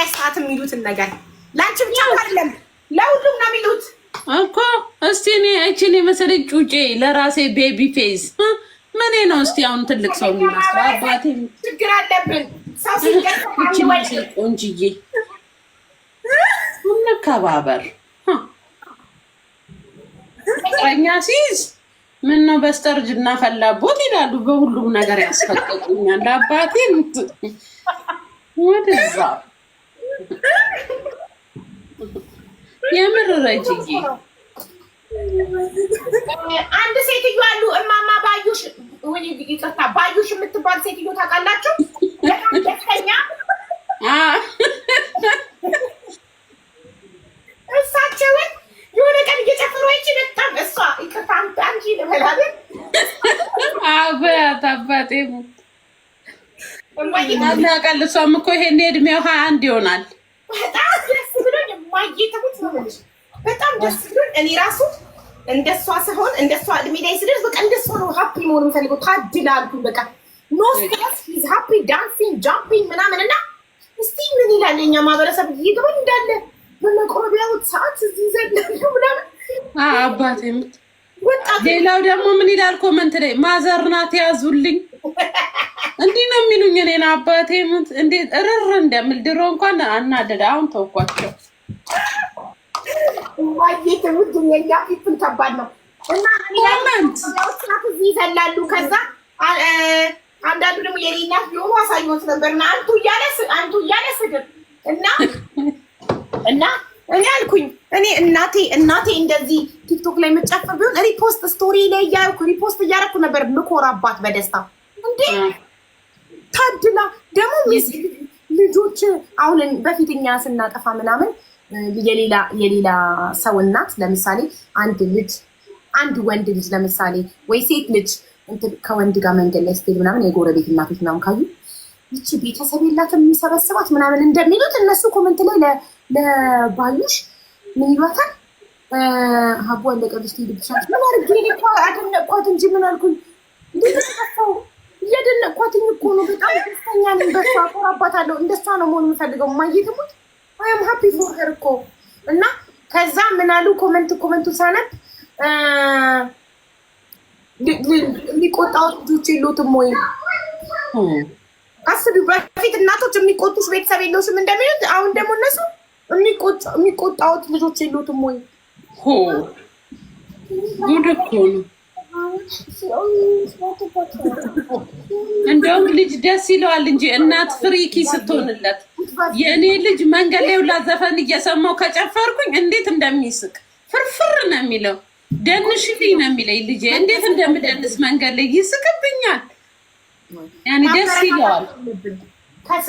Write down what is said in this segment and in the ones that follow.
በማየት ሰዓት የሚሉትን ነገር ለአንቺ ብቻ አይደለም ለሁሉም ነው የሚሉት እኮ። እስቲ እኔ እችን የመሰለች ጩጬ ለራሴ ቤቢ ፌስ ምኔ ነው እስቲ አሁን ትልቅ ሰው የሚመስለው አባቴ ችግር አለብን። ሰው ሲገርም ቆንጅዬ እንከባበር እኛ ሲይዝ ምን ነው በስተርጅና ፈላቦት ይላሉ። በሁሉም ነገር ያስፈቅቁኛል አባቴ ወደዛ የምር ረጅዬ አንድ ሴትዮ አሉ እማማ ባዩሽ ወይ ይቅርታ ባዩሽ የምትባል ሴትዮ ታውቃላችሁ? በጣም ደስተኛ እሳቸውን የሆነ ቀን እየጨፈሩ ይቺ በጣም እሷ ይቅርታ አንቺ ልበላለን አበያት አባቴ ሙ እናቃል እሷም እኮ ይሄን እድሜው ሀያ አንድ ይሆናል እኔ ራሱ እንደሷ ስሆን እንደሷ እድሜ ላይ ስደርስ በቃ እንደሷ ነው ሀፒ መሆን የምፈልገው። ታድላሉ በቃ ኖ ስትረስ ኢዝ ሀፒ ዳንሲንግ ጃምፒንግ ምናምን እና እስቲ ምን ይላል የኛ ማህበረሰብ ይግባል እንዳለ በመቆረቢያውት ሰዓት እዚህ ዘለ ምናምን አባት ምት ሌላው ደግሞ ምን ይላል ኮመንት ላይ ማዘር ናት ያዙልኝ እንዲህ ነው የሚሉኝ እኔን አባቴ ምት እንዴት እርር እንደምል ድሮ እንኳን አናደደ አሁን ተውኳቸው ማየት ውድን የኛ ፊቱን ከባድ ነው እና እዚህ ይዘላሉ። ከዛ አንዳንዱ ደግሞ የሌላ ቢሆኑ አሳየት ነበር እና አንቱ እያለ አንቱ እያለ ስድብ እና እና እኔ አልኩኝ እኔ እናቴ እናቴ እንደዚህ ቲክቶክ ላይ የምጨፍር ቢሆን ሪፖስት ስቶሪ ላይ እያልኩ ሪፖስት እያደረኩ ነበር ምኮራባት በደስታ እንዴ ታድላ ደግሞ ልጆች አሁን በፊትኛ ስናጠፋ ምናምን የሌላ የሌላ ሰው እናት ለምሳሌ አንድ ልጅ አንድ ወንድ ልጅ ለምሳሌ ወይ ሴት ልጅ ከወንድ ጋር መንገድ ላይ ስትሄድ ምናምን የጎረቤት እናቶች ምናምን ካዩ ይቺ ቤተሰብ የላት የሚሰበስባት ምናምን እንደሚሉት እነሱ ኮመንት ላይ ለባዩሽ ምን ይሏታል? ሀቡ አለቀብሽ ትሄድብሻለች። ምን አድርጌ አደነቅኳት እንጂ ምን አልኩኝ? እንደተሰፋው እያደነቅኳትኝ እኮ ነው። በጣም ደስተኛ ነኝ። በሷ አኮራባታለሁ። እንደሷ ነው መሆን የምፈልገው ማየትሙት አም ሀፒ ፎር ሄር እኮ እና ከዛ ምን አሉ ኮመንት ኮመንቱ ሳነብ የሚቆጣወት ልጆች የሎትም ወይ አስቢ። በፊት እናቶች የሚቆጡሽ ቤተሰብ የለሽም እንደሚሉት፣ አሁን ደግሞ እነሱ የሚቆጣውት ልጆች የሎትም ወይ ጉድ እኮ ነው። እንደውም ልጅ ደስ ይለዋል እንጂ እናት ፍሪኪ ስትሆንለት። የእኔ ልጅ መንገድ ላይ ሁላ ዘፈን እየሰማው ከጨፈርኩኝ እንዴት እንደሚስቅ ፍርፍር ነው የሚለው። ደንሽልኝ ነው የሚለኝ ልጄ። እንዴት እንደምደንስ መንገድ ላይ ይስቅብኛል። ያኔ ደስ ይለዋል።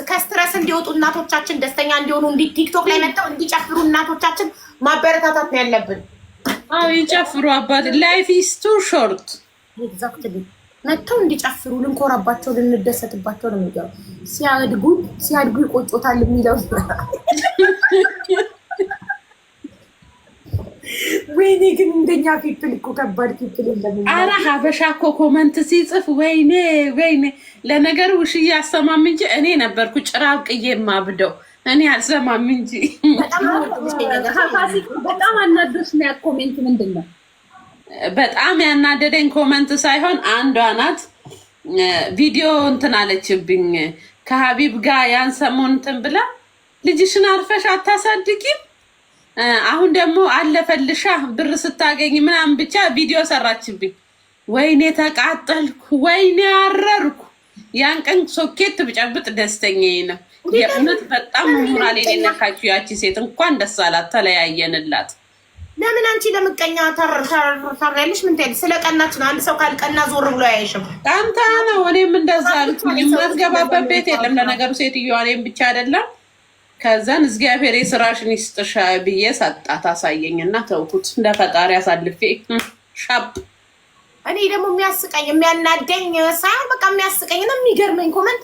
ከስትረስ እንዲወጡ እናቶቻችን ደስተኛ እንዲሆኑ እንዲ ቲክቶክ ላይ መጥተው እንዲጨፍሩ እናቶቻችን ማበረታታት ነው ያለብን። አዎ ይጨፍሩ። አባት ላይፍ ኢዝ ቱ ሾርት ኤግዛክትሊ መጥተው እንዲጨፍሩ ልንኮራባቸው ልንደሰትባቸው ነው የሚገባ። ሲያድጉ ሲያድጉ ይቆጮታል የሚለው ወይኔ ግን እንደኛ ፊፕል እኮ ከባድ ፊፕል የለም። ኧረ ሀበሻ እኮ ኮመንት ሲጽፍ ወይኔ ወይኔ። ለነገሩ ውሽዬ አሰማም እንጂ እኔ ነበርኩ ጭራብ ቅዬ ማብደው እኔ አልሰማም እንጂ በጣም አናዶች ነው። ኮሜንት ምንድን ነው? በጣም ያናደደኝ ኮመንት ሳይሆን አንዷ ናት ቪዲዮ እንትን አለችብኝ ከሀቢብ ጋር ያን ሰሞን እንትን ብላ ልጅሽን አርፈሽ አታሳድጊም፣ አሁን ደግሞ አለፈልሻ ብር ስታገኝ ምናምን ብቻ ቪዲዮ ሰራችብኝ። ወይኔ ተቃጠልኩ፣ ወይኔ አረርኩ። ያን ቀን ሶኬት ብጨብጥ ደስተኛ ነው። የእውነት በጣም ሞራል የነካችሁ ያቺ ሴት እንኳን ደስ አላት። ተለያየንላት። ለምን አንቺ ለምቀኛ ታሪያለሽ? ምን ታይል ስለቀናች ነው። አንድ ሰው ካልቀና ዞር ብሎ አያይሽም። ቀንታ ነው። እኔም እንደዛ አልኩኝ። የማትገባበት ቤት የለም። ለነገሩ ሴትዮዋ እኔም ብቻ አይደለም። ከዛን እግዚአብሔር የስራሽን ይስጥሽ ብዬ ሰጣት። አሳየኝና ተውኩት። እንደ ፈጣሪ አሳልፌ ሻብ እኔ ደግሞ የሚያስቀኝ የሚያናደኝ ሳይሆን በቃ የሚያስቀኝ ነው የሚገርመኝ ኮመንት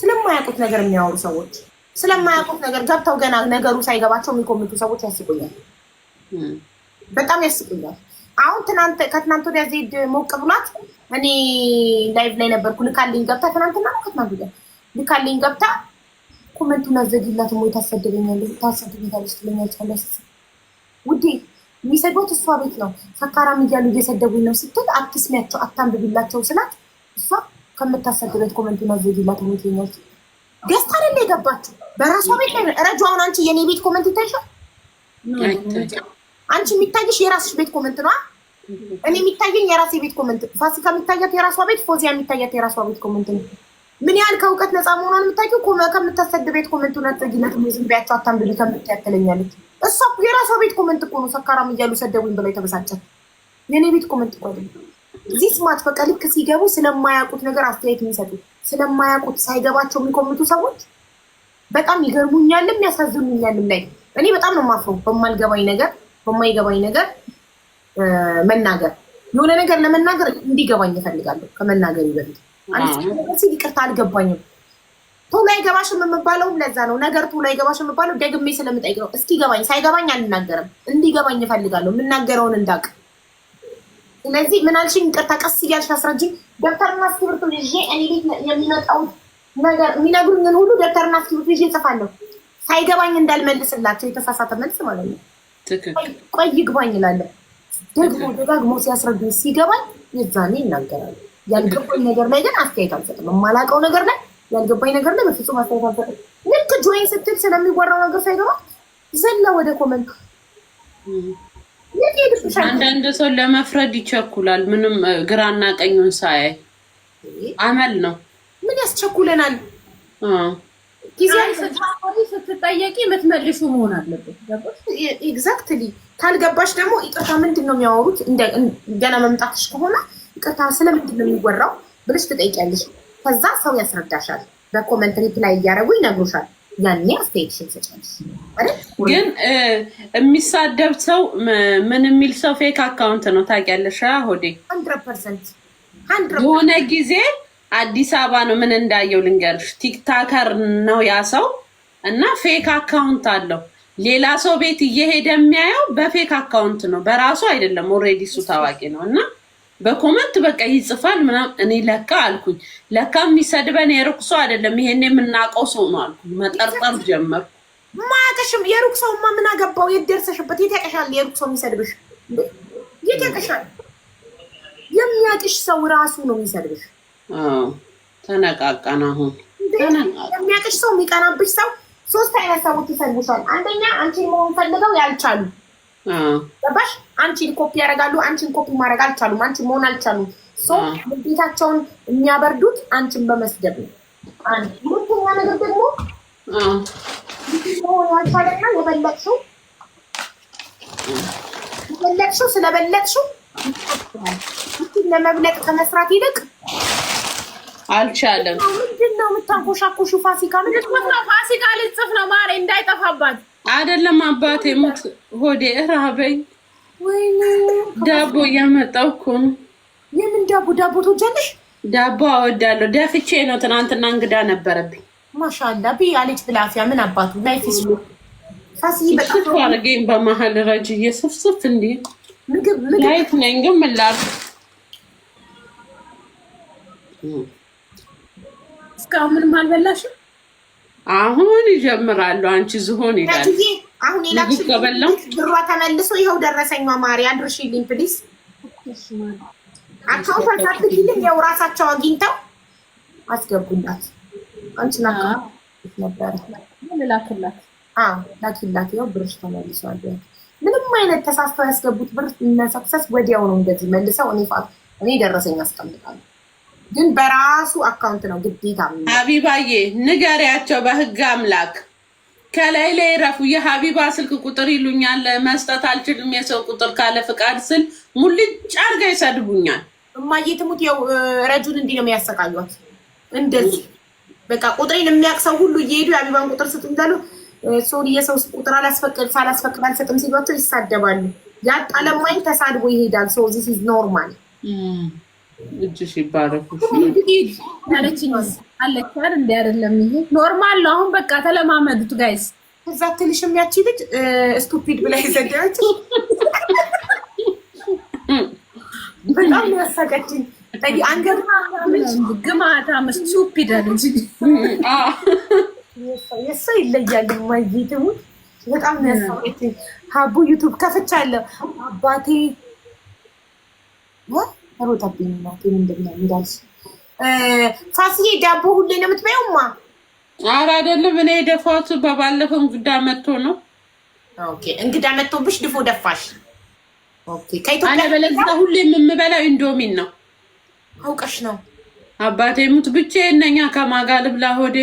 ስለማያውቁት ነገር የሚያወሩ ሰዎች ስለማያውቁት ነገር ገብተው ገና ነገሩ ሳይገባቸው የሚኮምቱ ሰዎች ያስቁኛል፣ በጣም ያስቁኛል። አሁን ትናንት ከትናንት ወዲያ ዜድ ሞቅ ብሏት እኔ ላይቭ ላይ ነበርኩ። ልካልኝ ገብታ ትናንትና ነው ከትናንት ወዲያ ልካልኝ ገብታ ኮመንቱን አዘግላት ሞ ታሰድበኛለች ታሰድበኛለች ትለኛል። ቻለስ ውዴ የሚሰድቧት እሷ ቤት ነው። ሰካራም እያሉ እየሰደቡኝ ነው ስትል አትስሚያቸው፣ አታንብብላቸው ስላት እሷ ከምታሰግበት ኮመንት ማዘጊላት ሚትኛች ደስታ አይደለ የገባችው በራሷ ቤት ላይ ረጁ። አሁን አንቺ የኔ ቤት ኮመንት ይታይሻል? አንቺ የሚታይሽ የራስሽ ቤት ኮመንት ነው። እኔ የሚታየኝ የራሴ ቤት ኮመንት፣ ፋሲካ የሚታያት የራሷ ቤት፣ ፎዚያ የሚታያት የራሷ ቤት ኮመንት ነው። ምን ያህል ከእውቀት ነፃ መሆኗን የምታውቂው ከምታሰድ ቤት ኮመንት ነት ጊነት ዝም ቢያቸው አታንብቢ ከምት ያክለኛለች። እሷ የራሷ ቤት ኮመንት እኮ ነው ሰካራም እያሉ ሰደቡኝ ብላ የተበሳጨት የኔ ቤት ኮመንት እኮ አይደለም። እዚህ ስማት በቃ ልክ ሲገቡ ስለማያውቁት ነገር አስተያየት የሚሰጡ ስለማያውቁት ሳይገባቸው የሚኮምቱ ሰዎች በጣም ይገርሙኛልም ያሳዝኑኛልም። ላይ እኔ በጣም ነው ማፍረው በማልገባኝ ነገር በማይገባኝ ነገር መናገር የሆነ ነገር ለመናገር እንዲገባኝ እፈልጋለሁ። ከመናገር በፊት ሲል ይቅርታ አልገባኝም። ቶሎ አይገባሽም የምባለውም ለዛ ነው። ነገር ቶሎ አይገባሽም የምባለው ደግሜ ስለምጠይቅ ነው። እስኪገባኝ ሳይገባኝ አልናገርም። እንዲገባኝ እፈልጋለሁ የምናገረውን እንዳቅ ስለዚህ ምን አልሽኝ? ይቅርታ፣ ቀስ እያልሽ አስረጅኝ። ደብተርና እስክሪብቶ ይዤ እኔ ቤት የሚመጣውን ነገር የሚነግሩኝን ሁሉ ደብተርና እስክሪብቶ ይዤ እጽፋለሁ። ሳይገባኝ እንዳልመልስላቸው የተሳሳተ መልስ ማለት ነው። ቆይ ይግባኝ እላለሁ። ደግሞ ደጋግሞ ሲያስረዱኝ ሲገባኝ የዛኔ ይናገራሉ። ያልገባኝ ነገር ላይ ግን አስተያየት አልሰጥም። የማላውቀው ነገር ላይ ያልገባኝ ነገር ላይ በፍጹም አስተያየት አልሰጥም። ልክ ጆይን ስትል ስለሚወራው ነገር ሳይገባ ዘላ ወደ ኮመንት አንዳንድ ሰው ለመፍረድ ይቸኩላል። ምንም ግራና ቀኙን ሳያይ አመል ነው። ምን ያስቸኩለናል? ጊዜ ስትጠየቂ የምትመልሱ መሆን አለበት። ኤግዛክትሊ። ካልገባሽ ደግሞ ይቅርታ ምንድን ነው የሚያወሩት? ገና መምጣትሽ ከሆነ ይቅርታ ስለምንድን ነው የሚወራው ብለሽ ትጠይቂያለሽ። ከዛ ሰው ያስረዳሻል። በኮመንት ሪፕላይ እያደረጉ ይነግሩሻል። ያኔ አስተያየትሽን ትሰጫለሽ። ግን የሚሳደብ ሰው ምን የሚል ሰው ፌክ አካውንት ነው ታውቂያለሽ። ሆዴ የሆነ ጊዜ አዲስ አበባ ነው ምን እንዳየው ልንገርሽ። ቲክታከር ነው ያ ሰው እና ፌክ አካውንት አለው። ሌላ ሰው ቤት እየሄደ የሚያየው በፌክ አካውንት ነው፣ በራሱ አይደለም። ኦልሬዲ እሱ ታዋቂ ነው እና በኮመንት በቃ ይጽፋል ምናምን። እኔ ለካ አልኩኝ ለካ የሚሰድበን የሩቅ ሰው አይደለም፣ ይሄን የምናውቀው ሰው ነው አልኩኝ። መጠርጠር ጀመር። ማያቀሽም የሩቅ ሰውማ ምን አገባው? የት ደርሰሽበት? የት ያቀሻል? የሩቅ ሰው የሚሰድብሽ የት ያቀሻል? የሚያቅሽ ሰው ራሱ ነው የሚሰድብሽ። ተነቃቀን አሁን የሚያቅሽ ሰው የሚቀናብሽ ሰው ሶስት አይነት ሰዎች ይሰድብሻል። አንደኛ አንቺን መሆን ፈልገው ያልቻሉ ገባሽ? አንቺን ኮፒ ያደርጋሉ። አንቺን ኮፒ ማድረግ አልቻሉም። አንቺ መሆን አልቻሉም። ቤታቸውን የሚያበርዱት አንቺን በመስደብ ነው። ሁለተኛ ነገር ደግሞ ሆኗልቻለና የበለጥሽው የበለጥሽው ስለበለጥሽው ለመብለጥ ከመስራት ይልቅ አልቻለም። ምንድን ነው የምታንኮሻኮሹ? ፋሲካ ምንድን ነው ፋሲካ ልጽፍ ነው ማሬ እንዳይጠፋባት አይደለም አባቴ ሞት ሆዴ እራበኝ። ወይኔ ዳቦ እያመጣሁ እኮ ነው። የምን ዳቦ? ዳቦ ትወጃለሽ? ዳቦ አወዳለሁ። ደፍቼ ነው። ትናንትና እንግዳ ነበረብኝ። ማሻላ ብዬ አለች ብላፊያ ምን አባቱ ላይፊስ ስፋ አድርጌኝ በመሀል ረጅ እየስፍስፍ እንዲ ላይፍ ነኝ። ግን ምን ላድርግ እስካሁን ምንም አልበላሽም? አሁን ይጀምራሉ። አንቺ ዝሆን ይላል። አሁን የላክሽልኝ ብሯ ተመልሶ ይኸው ደረሰኛ። ማሪ አድርሽልኝ ፕሊስ። አካውንት አልሳትልኝ ያው ራሳቸው አግኝተው አስገቡላት። አንቺ አንቺን ነበረ ላክላት። አዎ ላክላት። ይኸው ብርሽ ተመልሷል። ምንም አይነት ተሳስተው ያስገቡት ብር እነ ሰክሰስ ወዲያው ነው እንደዚህ መልሰው እኔ እኔ ደረሰኝ አስቀምጣለሁ ግን በራሱ አካውንት ነው ግዴታ። ሀቢባዬ ንገሪያቸው በህግ አምላክ ከላይ ላይ ረፉ። የሀቢባ ስልክ ቁጥር ይሉኛል፣ መስጠት አልችልም። የሰው ቁጥር ካለ ፍቃድ ስል ሙልጭ አድርጋ ይሰድቡኛል። እማዬ ትሙት ያው ረጁን እንዲህ ነው የሚያሰቃዩት። እንደዚህ በቃ ቁጥሬን የሚያውቅ ሰው ሁሉ እየሄዱ የሀቢባን ቁጥር ስጥ እንዳሉ ሶሪ የሰው ቁጥር አላስፈቅድ ሳላስፈቅድ አልሰጥም ሲሏቸው ይሳደባሉ። ያጣለማኝ ተሳድቦ ይሄዳል። ሶ ዚስ ኢዝ ኖርማል እጅሽ ይባረክ አለችኝ። እንዲ አደለም ይሄ ኖርማል ነው። አሁን በቃ ተለማመዱት ጋይስ። እዛ ትንሽ የሚያች ልጅ ስቱፒድ ብላ ይዘዳች። በጣም ያሳቀችኝ አንገግማታም ስቱፒድ ልጅ የሰ ይለያል ማየትሙ በጣም ያሳቀችኝ። ሀቡ ዩቱብ ከፍቻለሁ አባቴ ሮታብኝ እናቴ ምንድነው የሚላልሽ? ፋስዬ ዳቦ ሁሌ ነው የምትበይውማ? ኧረ አይደለም። እኔ የደፋሁት በባለፈው እንግዳ መጥቶ ነው። ኦኬ እንግዳ መጥቶብሽ ድፎ ደፋሽ? ኦኬ ከኢትዮጵያ በለዛ ሁሌ የምበላው ኢንዶሚን ነው። አውቀሽ ነው አባቴ ሙት ብቻ የነኛ ከማጋ ልብላ ሆዴ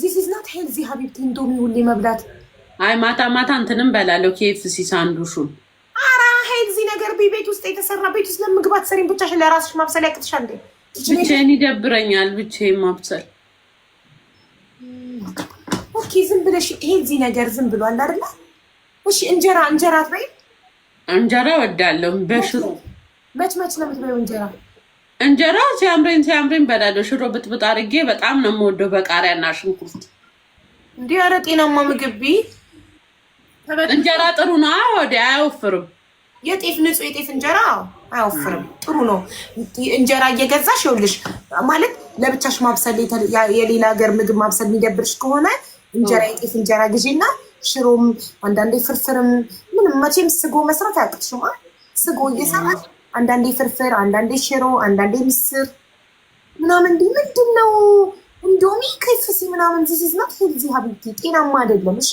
ዚስ ኢዝ ናት ሄልዚ ሀቢብቲ ኢንዶሚ ሁሌ መብላት። አይ ማታ ማታ እንትንም በላለሁ ኬኤፍሲ ሳንዱሹን ኧረ ሀይ እዚህ ነገር ቤት ውስጥ የተሰራ ቤት ውስጥ ለምግባት ሰሪን ብቻሽን ለራስሽ ማብሰል ያቅትሻል እንዴ? ብቻዬን ይደብረኛል ብቻዬን ማብሰል። ኦኬ ዝም ብለሽ ይሄ እዚህ ነገር ዝም ብሏል አይደለ? እሺ እንጀራ እንጀራ ትበይ እንጀራ እወዳለሁ። በሽሮ መች መች ነው የምትበይው እንጀራ? እንጀራ ሲያምረኝ ሲያምረኝ በላለሁ። ሽሮ ብጥብጥ አድርጌ በጣም ነው የምወደው በቃሪያና ሽንኩርት። እንዲህ ኧረ ጤናማ ምግብ እንጀራ ጥሩ ነው። ወደ አያወፍርም። የጤፍ ንጹህ የጤፍ እንጀራ አያወፍርም፣ ጥሩ ነው። እንጀራ እየገዛሽ ይኸውልሽ፣ ማለት ለብቻሽ ማብሰል የሌላ ሀገር ምግብ ማብሰል የሚደብርሽ ከሆነ እንጀራ የጤፍ እንጀራ ግዢና ሽሮም አንዳንዴ ፍርፍርም ምንም መቼም ስጎ መስራት አያውቅሽማ። ስጎ እየሰራሽ አንዳንዴ ፍርፍር፣ አንዳንዴ ሽሮ፣ አንዳንዴ ምስር ምናምን እንዲህ ምንድን ነው እንዶሚ ከፍሲ ምናምን ዚስ ናት ሄልዚ ሀቢብቲ ጤናማ አይደለም። እሺ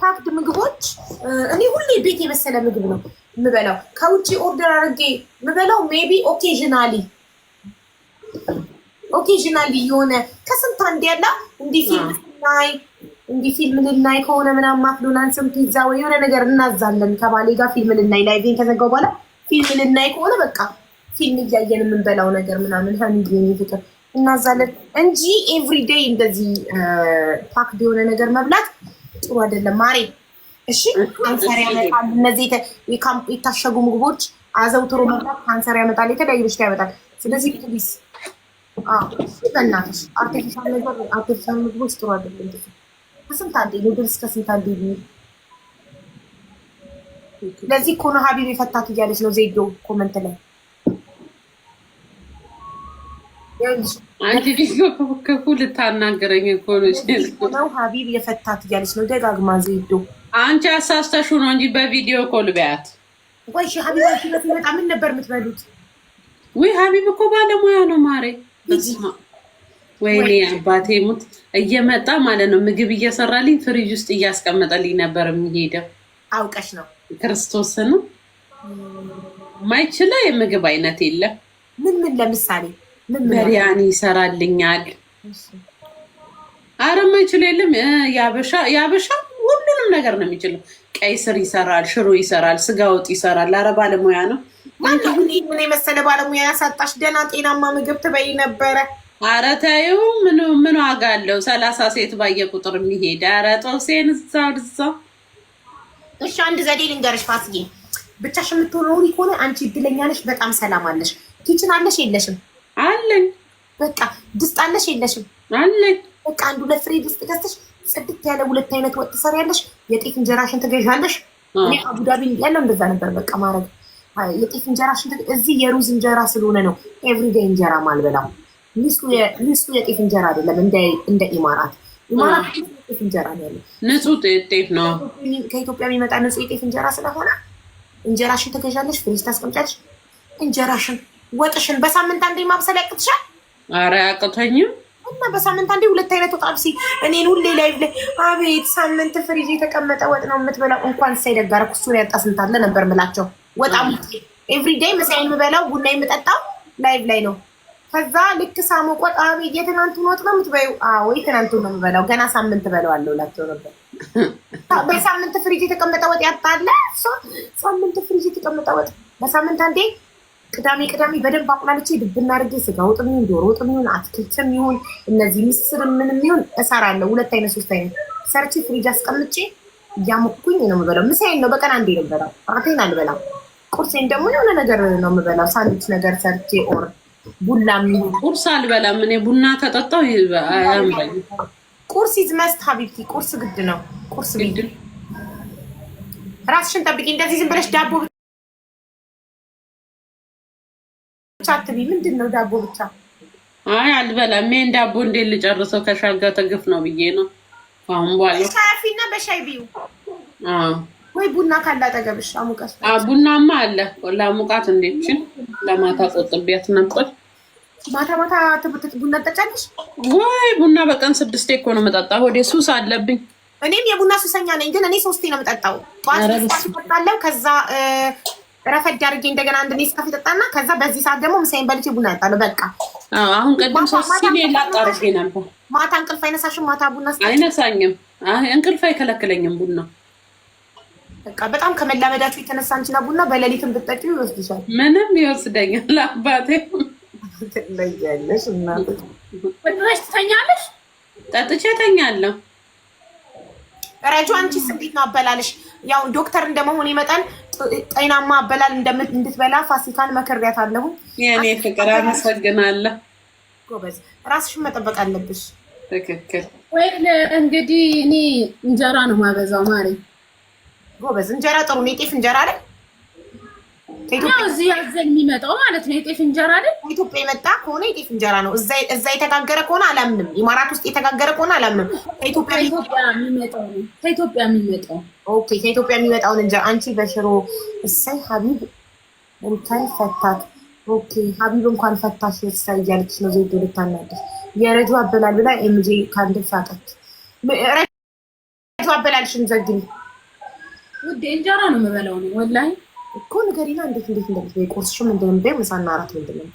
ፓክድ ምግቦች እኔ ሁሌ ቤት የበሰለ ምግብ ነው የምበላው። ከውጭ ኦርደር አድርጌ የምበላው ሜቢ ኦኬዥናሊ ኦኬዥናሊ የሆነ ከስንት አንድ ያላ እንዲህ ፊልም ስናይ እንዲህ ፊልም ልናይ ከሆነ ምናምን ማክዶናልድስም ፒዛ ወይ የሆነ ነገር እናዛለን ከባሌ ጋር ፊልም ልናይ ከዘጋው በኋላ ፊልም ልናይ ከሆነ በቃ ፊልም እያየን የምንበላው ነገር ምናምን ሀንድ ፍቅር እናዛለን እንጂ ኤቭሪዴይ እንደዚህ ፓክ የሆነ ነገር መብላት ጥሩ አይደለም ማሬ። እሺ ካንሰር ያመጣል። እነዚህ የታሸጉ ምግቦች አዘውትሮ መብላት ካንሰር ያመጣል፣ የተለያዩ በሽታ ያመጣል። ስለዚህ ፕሊስ በእናትሽ አርቲፊሻል ነገር አርቲፊሻል ምግቦች ጥሩ አይደለም። ከስንት አንዴ ኑድልስ ከስንት አንዴ ሚል ለዚህ ኮነ ሀቢብ የፈታት እያለች ነው ዜዶ ኮመንት ላይ ክፉ ልታናገረኝ ነው። ሀቢብ የፈታት እያለች ነው ደጋግማ አንቺ አሳስተሹ ነው እንጂ በቪዲዮ ኮል ወይ ሀቢብ ምን ነበር የምትበሉት? ወይ ሀቢብ እኮ ባለሙያ ነው ማሬ። ወይኔ አባቴ ሙት እየመጣ ማለት ነው ምግብ እየሰራልኝ ፍሪጅ ውስጥ እያስቀመጠልኝ ነበር የሚሄደው። አውቀሽ ነው ክርስቶስን ማይችለ የምግብ አይነት የለም። ምን ምን ለምሳሌ መሪያን ይሰራልኛል። አረ የማይችል የለም። ያበሻ ሁሉንም ነገር ነው የሚችለው። ቀይ ስር ይሰራል፣ ሽሮ ይሰራል፣ ስጋ ወጥ ይሰራል። አረ ባለሙያ ነው። ምን የመሰለ ባለሙያ ያሳጣሽ። ደህና ጤናማ ምግብ ትበይ ነበረ። አረ ተይው፣ ምን ዋጋ አለው? ሰላሳ ሴት ባየ ቁጥር የሚሄድ አረ ጦሴን እዛው እዛው። እሺ አንድ ዘዴ ልንገርሽ ፋስዬ፣ ብቻሽ የምትሆነው ከሆነ አንቺ እድለኛ ነሽ። በጣም ሰላም አለሽ። ኪችን አለሽ የለሽም አለኝ። በቃ ድስት አለሽ የለሽም? አለኝ። በቃ አንድ ሁለት ፍሬ ድስት ገዝተሽ ጽድት ያለ ሁለት አይነት ወጥ ትሰሪያለሽ። የጤፍ እንጀራሽን ትገዣለሽ። እኔ አቡዳቢ ያለው እንደዛ ነበር በቃ ማድረግ የጤፍ እንጀራሽን እዚህ የሩዝ እንጀራ ስለሆነ ነው ኤቭሪዴይ እንጀራ ማልበላው። ሊስቱ የጤፍ እንጀራ አይደለም እንደ ኢማራት ኢማራት ጤፍ እንጀራ ነው ያለው። ንጹህ ጤፍ ነው ከኢትዮጵያ የሚመጣ ንጹህ የጤፍ እንጀራ ስለሆነ እንጀራሽን ትገዣለሽ፣ ፍሪጅ ታስቀምጫለሽ እንጀራሽን ወጥሽን በሳምንት አንዴ ማብሰል ያቅትሻል? አረ አቅተኝም እና በሳምንት አንዴ ሁለት አይነት ወጥ አብሲ። እኔን ሁሌ ላይ አቤት ሳምንት ፍሪጅ የተቀመጠ ወጥ ነው የምትበላው። እንኳን ሳይደጋረኩ ኩሱን ያጣ ስንት አለ ነበር ምላቸው። ወጣም ኤቭሪዴይ ምሳዬን የምበላው ቡና የምጠጣው ላይቭ ላይ ነው። ከዛ ልክ ሳሞ ቆጣ አቤት የትናንቱን ወጥ ነው የምትበይው? አዎ የትናንቱን ነው የምበላው፣ ገና ሳምንት በለዋለሁ ላቸው ነበር። በሳምንት ፍሪጅ የተቀመጠ ወጥ ያጣለ ሳምንት ፍሪጅ የተቀመጠ ወጥ በሳምንት አንዴ ቅዳሜ ቅዳሜ በደንብ አቁላልቼ ድብና እናድርጌ ስጋ ወጥም ይሁን ዶሮ ወጥም ይሁን አትክልትም ይሁን እነዚህ ምስር ምንም ይሁን እሰራለሁ። ሁለት አይነት ሶስት አይነት ሰርቼ ፍሪጅ አስቀምጬ እያሞኩኝ ነው የምበላው። ምሳዬን ነው በቀን አንዴ ነው የምበላው፣ አራቴን አልበላም። ቁርሴን ደግሞ የሆነ ነገር ነው የምበላው፣ ሳንዱች ነገር ሰርቼ ኦር ቡላ ይሁን ቁርስ አልበላም እኔ። ቡና ከጠጣው አያምረኝ። ቁርስ ኢዝ መስት ሀቢብቲ፣ ቁርስ ግድ ነው። ቁርስ ግድ ራስሽን ጠብቂ። እንደዚህ ዝም ብለሽ ዳቦ ቻትቢ ምንድን ነው ዳቦ ብቻ? አይ አልበላም። ይሄን ዳቦ እንዴት ልጨርሰው? ከሻይ ጋር ተግፍ ነው ብዬ ነው። አሁን በኋላ ሻፊና በሻይ ቢዩ ወይ ቡና ካለ አጠገብሽ አሙቀስ። ቡናማ አለ ለሙቃት። እንዴችን ለማታ ቆጥቤያት ነበር። ማታ ማታ ትብትት ቡና ጠጫለሽ ወይ? ቡና በቀን ስድስቴ እኮ ነው መጠጣ። ወደ ሱስ አለብኝ። እኔም የቡና ሱሰኛ ነኝ፣ ግን እኔ ሶስቴ ነው መጠጣው። ጠዋት ጠጣለው ከዛ ረፈድ አድርጌ እንደገና አንድ ኔስ ከፊት ጠጣና ከዛ በዚህ ሰዓት ደግሞ ምሳይን በልቼ ቡና እጠጣለሁ። በቃ አሁን ቅድም ሶስት ሲል ላጣርሽ ነበር። ማታ እንቅልፍ አይነሳሽም? ማታ ቡና አይነሳኝም። እንቅልፍ አይከለክለኝም ቡና በቃ በጣም ከመላመዳችሁ የተነሳ እንችላ ቡና በሌሊትም ብትጠጪው ይወስድሻል። ምንም ይወስደኛል። አባቴ ትለያለሽ እና ወድረሽ ትተኛለሽ። ጠጥቼ ተኛለሁ። ረጁ አንቺስ እንዴት ነው አበላለሽ? ያው ዶክተር እንደመሆን ይመጣል ጤናማ አበላል እንድትበላ ፋሲካን መክሬያታለሁ። የኔ ፍቅር አመሰግናለሁ። ጎበዝ ራስሽን መጠበቅ አለብሽ። ትክክል እንግዲህ እኔ እንጀራ ነው ማበዛው ማሪ። ጎበዝ እንጀራ ጥሩ ነው። የጤፍ እንጀራ አይደል? እዚህ ያዘን የሚመጣው ማለት ነው። የጤፍ እንጀራ አይደል? ኢትዮጵያ የመጣ ከሆነ የጤፍ እንጀራ ነው። እዛ የተጋገረ ከሆነ አላምንም። ኢማራት ውስጥ የተጋገረ ከሆነ አላምንም። ከኢትዮጵያ የሚመጣው ከኢትዮጵያ የሚመጣው ኦኬ፣ ከኢትዮጵያ የሚመጣውን እንጀራ አንቺ በሽሮ እሰይ ሀቢብ እንኳን ፈታት። ኦኬ፣ ሀቢብ እንኳን ፈታሽ እሰይ እያለች ነው ዜጎ ልታናደር የረጁ አበላል ብላ ኤምጄ ከአንድ ሳጠች። ረጁ አበላልሽን ዘግኝ ውድ እንጀራ ነው የምበላው ነው ወላሂ እኮ ንገሪና፣ እንዴት እንዴት እንደምት ቁርስሽ ምንድን ነው? ምሳና አራት ምንድን ነው?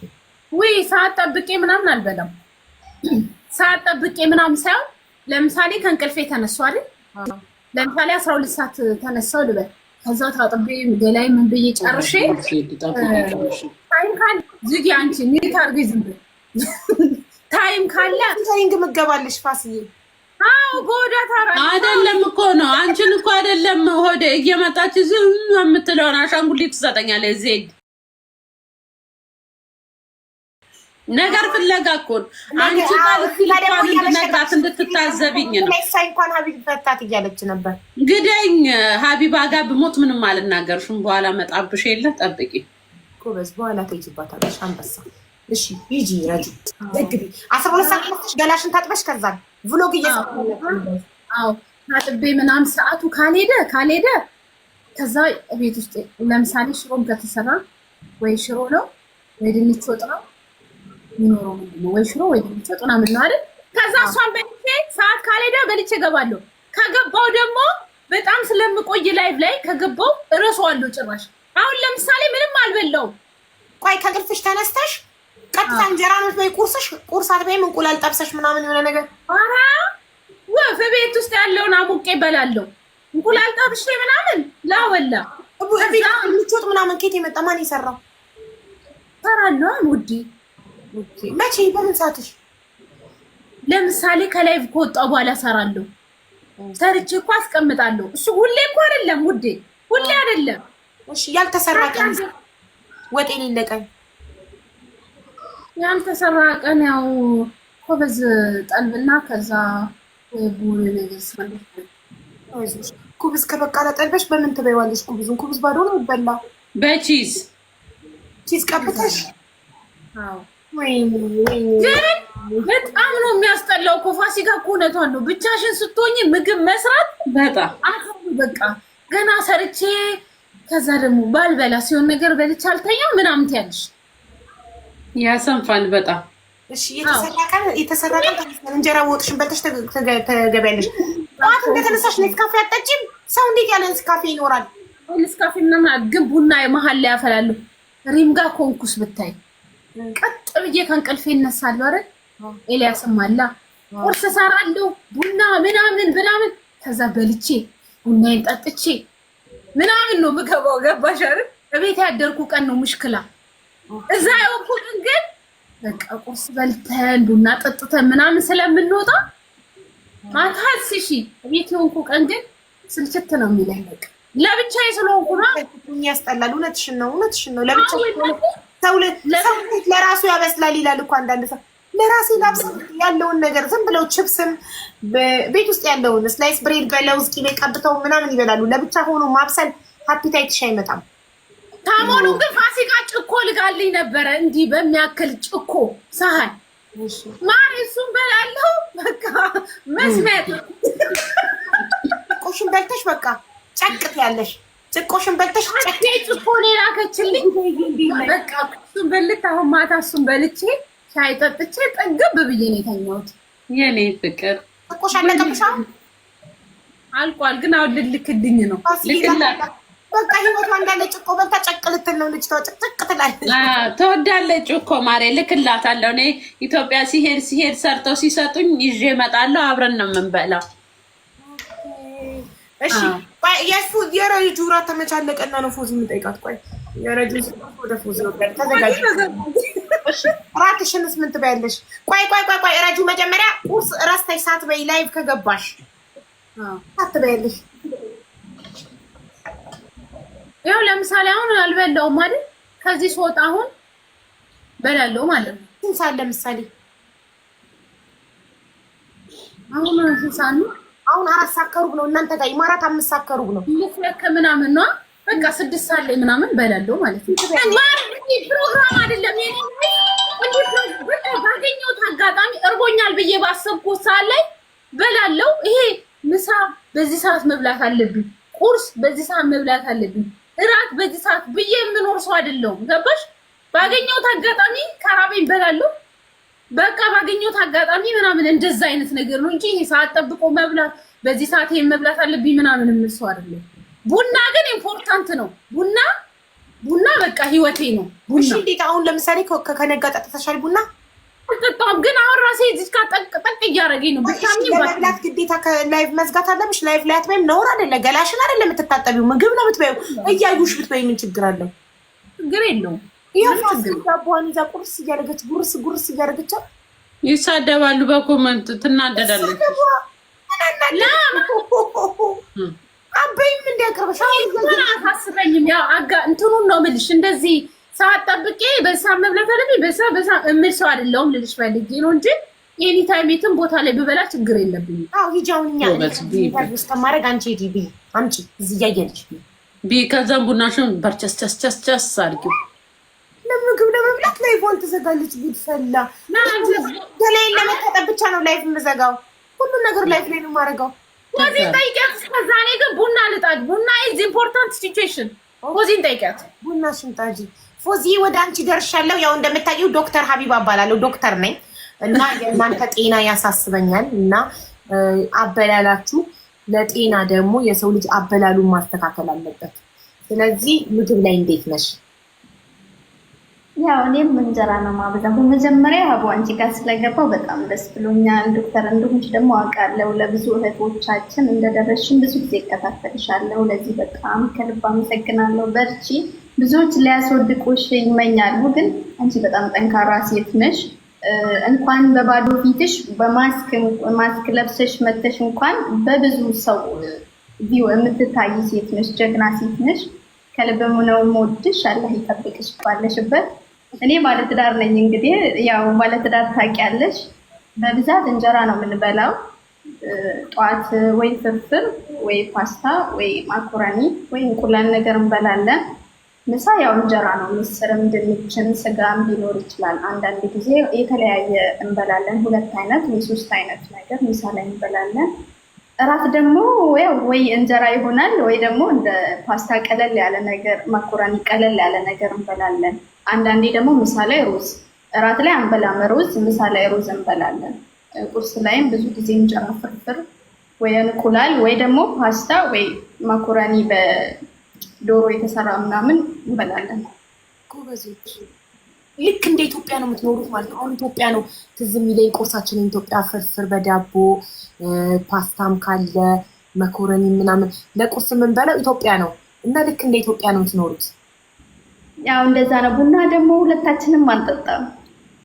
ውይ ሰዓት ጠብቄ ምናምን አልበላም። ሰዓት ጠብቄ ምናምን ሳይሆን ለምሳሌ ከእንቅልፌ ተነሱ አይደል? ለምሳሌ አስራ ሁለት ሰዓት ተነሳው ልበል። ከዛ ታጥቤ ገላይ ምን ብዬ ጨርሼ ታይም ካለ ዝጊ፣ አንቺ ሚዩት አድርጊ፣ ዝም ብለሽ ታይም ካለ ታይንግ ምገባለሽ ፋስዬ አይደለም እኮ ነው። አንቺን እኮ አይደለም ሆዴ እየመጣች ዝም የምትለውን አሻንጉሊት ትሰጠኛለህ። ዜድ ነገር ፍለጋ እኮ አንቺ ነቃት እንድትታዘብኝ ነው። እንኳን ሀቢብ ፈታት እያለች ነበር። ግደኝ ሀቢባ ጋር ብሞት ምንም አልናገርሽም። በኋላ መጣብሽ የለ ጠብቂ ጎበዝ። በኋላ ተይጅባታለሽ አንበሳ። እሺ ሂጂ ረጅ ደግቢ አስራ ሁለት ሰዓት ገላሽን ታጥበሽ ከዛል ቭሎግ እየሰራሁ ታጥቤ ምናምን ሰዓቱ ካልሄደ ካልሄደ ከዛ ቤት ውስጥ ለምሳሌ ሽሮም ከተሰራ ወይ ሽሮ ነው ወይ ድንች ወጥ ነው የሚኖረው ምንድን ነው ወይ ሽሮ ወይ ድንች ወጥ ምናምን ነው አይደል? ከዛ እሷን በልቼ ሰዓት ካልሄደ በልቼ እገባለሁ። ከገባው ደግሞ በጣም ስለምቆይ ላይቭ ላይ ከገባው እረሳዋለሁ ጭራሽ። አሁን ለምሳሌ ምንም አልበላው። ቆይ ከቅልፍሽ ተነስተሽ ቀጥታ እንጀራ ነች ወይ ቁርስሽ ቁርስ አትበይም? እንቁላል ጠብሰሽ ምናምን የሆነ ነገር አራ ወፍ ቤት ውስጥ ያለውን አሞቄ እበላለሁ። እንቁላል ጠብሼ ምናምን ላወላ አቡ አቢ ምቾት ምናምን ኬት የመጣ ማን የሰራው ሰራለሁ። ውዴ መቼ በምን ሰዓትሽ? ለምሳሌ ከላይቭ ከወጣሁ በኋላ ሰራለሁ። ሰርቼ እኮ አስቀምጣለሁ። እሱ ሁሌ እኮ አይደለም ውዴ፣ ሁሌ አይደለም። እሺ ያልተሰራ ቀን ወጤ ሊለቀኝ ያልተሰራ ቀን ያው ኮበዝ ጠልብና ከዛ ቡሪ ነገር ስፈልግ ኩብዝ ከበቃለ ጠልበሽ በምን ትበይዋለሽ? ኩብዙን ኩብዝ ባዶ ነው ይበላ። በቺዝ ቺዝ ቀብተሽ በጣም ነው የሚያስጠላው። እኮ ፋሲካ እኮ እውነቷን ነው። ብቻሽን ስትሆኝ ምግብ መስራት በጣም አካሉ በቃ ገና ሰርቼ ከዛ ደግሞ ባልበላ ሲሆን ነገር በልቻ አልተኛ ምናምን ትያለሽ ያሰንፋል በጣም እሺ። የተሰራ ቀን የተሰራ ቀን እንጀራ ወጥሽን በልተሽ ተገቢያለሽ። ጠዋት እንደተነሳሽ ኔስካፌ አጠጪም። ሰው እንዴት ያለ ኔስካፌ ይኖራል? ኔስካፌ ምናምን ግን ቡና መሀል ላይ ያፈላሉ። ሪም ጋር ኮንኩስ ብታይ ቀጥ ብዬ ከእንቅልፌ እነሳለሁ። አረ ኤልያስም አላ ቁርስ ሰራለሁ ቡና ምናምን ምናምን፣ ከዛ በልቼ ቡናዬን ጠጥቼ ምናምን ነው የምገባው። ገባሽ? እቤት ያደርኩ ቀን ነው ሙሽክላ እዛ የወኩትን ግን በቃ ቁርስ በልተን ቡና ጠጥተን ምናምን ስለምንወጣ ማታ ስሺ ቤት የሆንኩ ቀን ግን ስልችት ነው የሚለኝ። ለብቻዬ ስለሆንኩ ነው ያስጠላል። እውነትሽን ነው፣ እውነትሽን ነው። ለብቻ ለራሱ ያበስላል ይላል እኮ አንዳንድ ሰው ለራሴ ላብስ ያለውን ነገር ዝም ብለው ችፕስም ቤት ውስጥ ያለውን ስላይስ ብሬድ በለው ቅቤ ቀብተው ምናምን ይበላሉ። ለብቻ ሆኖ ማብሰል ሀፒታይትሽ አይመጣም። ሰሞኑን ግን ፋሲካ ጭኮ ልጋልኝ ነበረ እንዲህ በሚያክል ጭኮ ሳህን ማሪ እሱን በላለው በቃ መስመት ጭቆሽን በልተሽ በቃ ጨቅት ያለሽ ጭቆሽን በልተሽ ጭቆ ነው ከችልኝ በቃ እሱን በልት አሁን ማታ እሱን በልቼ ሻይ ጠጥቼ ጠገብ ብዬ ነው የተኛሁት። የኔ ፍቅር ጭቆሽ አለቀብሻ አልቋል። ግን አሁን ልልክልኝ ነው ልክላ በቃ ህይወቷ እንዳለች እኮ በልታ ጨቅ ልትል ነው። ልጅቷ ጭቅጭቅ ትላለች። ትወዳለች እኮ ማሬ፣ ልክላታለሁ። እኔ ኢትዮጵያ ሲሄድ ሲሄድ ሰርተው ሲሰጡኝ ይዤ እመጣለሁ። አብረን ነው የምንበላው። እሺ የሱ የረጁ እራት ተመቻለቀና ነው ፎዝ የምጠይቃት። ቆይ የረጁ ወደ ፎዝ ነበር ተዘጋጅ። እራትሽንስ ምን ትበያለሽ? ቆይ ቆይ ቆይ ቆይ ረጁ መጀመሪያ ቁርስ እረስተሽ ሳትበይ ላይቭ ከገባሽ ሳትበያለሽ ይኸው ለምሳሌ አሁን አልበላውም አይደል? ከዚህ ስወጣ አሁን በላለው ማለት ነው። ስንት ሰዓት ለምሳሌ አሁን ስንት ሰዓት ነው? አሁን አራት ሰዓት ነው እናንተ ጋር ይማራት፣ አምስት ሰዓት ከሩብ ነው ልክ ምናምን ነው። በቃ ስድስት ሰዓት ላይ ምናምን በላለው ማለት ነው። ፕሮግራም አይደለም ባገኘሁት አጋጣሚ እርቦኛል ብዬ ባሰብኩት ሰዓት ላይ በላለው። ይሄ ምሳ በዚህ ሰዓት መብላት አለብኝ፣ ቁርስ በዚህ ሰዓት መብላት አለብኝ እራት በዚህ ሰዓት ብዬ የምኖር ሰው አይደለሁም። ገባሽ? ባገኘሁት አጋጣሚ ከራበኝ በላለሁ። በቃ ባገኘሁት አጋጣሚ ምናምን እንደዛ አይነት ነገር ነው እንጂ ይሄ ሰዓት ጠብቆ መብላት፣ በዚህ ሰዓት ይሄን መብላት አለብኝ ምናምን የምል ሰው አይደለሁም። ቡና ግን ኢምፖርታንት ነው። ቡና ቡና በቃ ህይወቴ ነው። ቡና እንዴት አሁን ለምሳሌ ከነጋ ጠጥተሻል ቡና አልጠጣሁም፣ ግን አሁን ራሴ እዚህ ጋር ጠቅ ጠቅ እያደረገኝ ነው። ለመብላት ግዴታ ከላይቭ መዝጋት አለብሽ። ላይቭ ላይ አትበይም፣ ነውር አይደለ። ገላሽን አይደለ የምትታጠቢው፣ ምግብ ነው የምትበይው። እያዩሽ ብትበይ ምን ችግር አለው? ችግር የለውም። ይህዳቧን ይዛ ቁርስ እያደረገች ጉርስ ጉርስ እያደረገች ይሳደባሉ፣ በኮመንት ትናደዳለች። አበይም እንዲያቀርበሽ አስበኝም። ያው እንትኑን ነው የምልሽ እንደዚህ ሰዓት ጠብቄ በሳም መብላት አለብኝ። በሳ በሳ እምል ሰው አይደለሁም ልልሽ ፈልጌ ነው እንጂ ኤኒ ታይም የትም ቦታ ላይ ብበላ ችግር የለብኝም። አዎ ሂጃውንኛ ውስጥ አንቺ ሄዲ ቢ አምጪ እዚህ እያየልሽ ቢ ከዛም ቡናሽን በርቸስቸስቸስቸስ አድርጊው። ለምግብ ለመብላት ላይፍ ዋን ትዘጋለች። ጉድ ፈላ ገላይን ለመታጠብ ብቻ ነው ላይፍ የምዘጋው። ሁሉም ነገር ላይፍ ላይ ነው የማደርገው። ወዚህ ጠይቂያት። እስከዛ ግን ቡና ልጣድ። ቡና ኢዝ ኢምፖርታንት ሲቹዌሽን። ወዚህን ጠይቂያት። ቡና ሽምጣጅ ፎዚ ወደ አንቺ ደርሻለሁ። ያው እንደምታየው ዶክተር ሀቢባ እባላለሁ ዶክተር ነኝ እና የእናንተ ጤና ያሳስበኛል እና አበላላችሁ ለጤና ደግሞ የሰው ልጅ አበላሉን ማስተካከል አለበት። ስለዚህ ምግብ ላይ እንዴት ነሽ? ያው እኔም እንጀራ ነው ማበዛሁ። መጀመሪያ ሀቡ አንቺ ጋር ስለገባው በጣም ደስ ብሎኛል። ዶክተር እንደሁንች ደግሞ አውቃለሁ። ለብዙ እህቶቻችን እንደደረሽን ብዙ ጊዜ እከታተልሻለሁ። ለዚህ በጣም ከልብ አመሰግናለሁ። በርቺ ብዙዎች ሊያስወድቁሽ ይመኛሉ፣ ግን አንቺ በጣም ጠንካራ ሴት ነሽ። እንኳን በባዶ ፊትሽ በማስክ ማስክ ለብሰሽ መተሽ እንኳን በብዙ ሰው ቪው የምትታይ ሴት ነሽ፣ ጀግና ሴት ነሽ። ከልብም ነው የምወድሽ። አላህ ይጠብቅሽ ባለሽበት። እኔ ባለትዳር ነኝ እንግዲህ ያው ባለትዳር ታውቂያለሽ። በብዛት እንጀራ ነው የምንበላው። ጠዋት ወይ ፍርፍር ወይ ፓስታ ወይ ማኮረኒ ወይ እንቁላል ነገር እንበላለን ምሳ ያው እንጀራ ነው። ምስርም ድንችን ስጋም ሊኖር ይችላል። አንዳንድ ጊዜ የተለያየ እንበላለን። ሁለት አይነት ወይ ሶስት አይነት ነገር ምሳ ላይ እንበላለን። እራት ደግሞ ያው ወይ እንጀራ ይሆናል ወይ ደግሞ እንደ ፓስታ ቀለል ያለ ነገር፣ ማኮረኒ ቀለል ያለ ነገር እንበላለን። አንዳንዴ ደግሞ ምሳ ላይ ሩዝ፣ እራት ላይ አንበላም ሩዝ፣ ምሳ ላይ ሩዝ እንበላለን። ቁርስ ላይም ብዙ ጊዜ እንጀራ ፍርፍር ወይ እንቁላል ወይ ደግሞ ፓስታ ወይ ማኮረኒ ዶሮ የተሰራ ምናምን እንበላለን። ልክ እንደ ኢትዮጵያ ነው የምትኖሩት ማለት ነው። አሁን ኢትዮጵያ ነው ትዝ የሚለኝ ቁርሳችን ኢትዮጵያ ፍርፍር በዳቦ ፓስታም ካለ መኮረኒ ምናምን ለቁርስ የምንበላው ኢትዮጵያ ነው እና ልክ እንደ ኢትዮጵያ ነው የምትኖሩት። ያው እንደዛ ነው። ቡና ደግሞ ሁለታችንም አንጠጣም።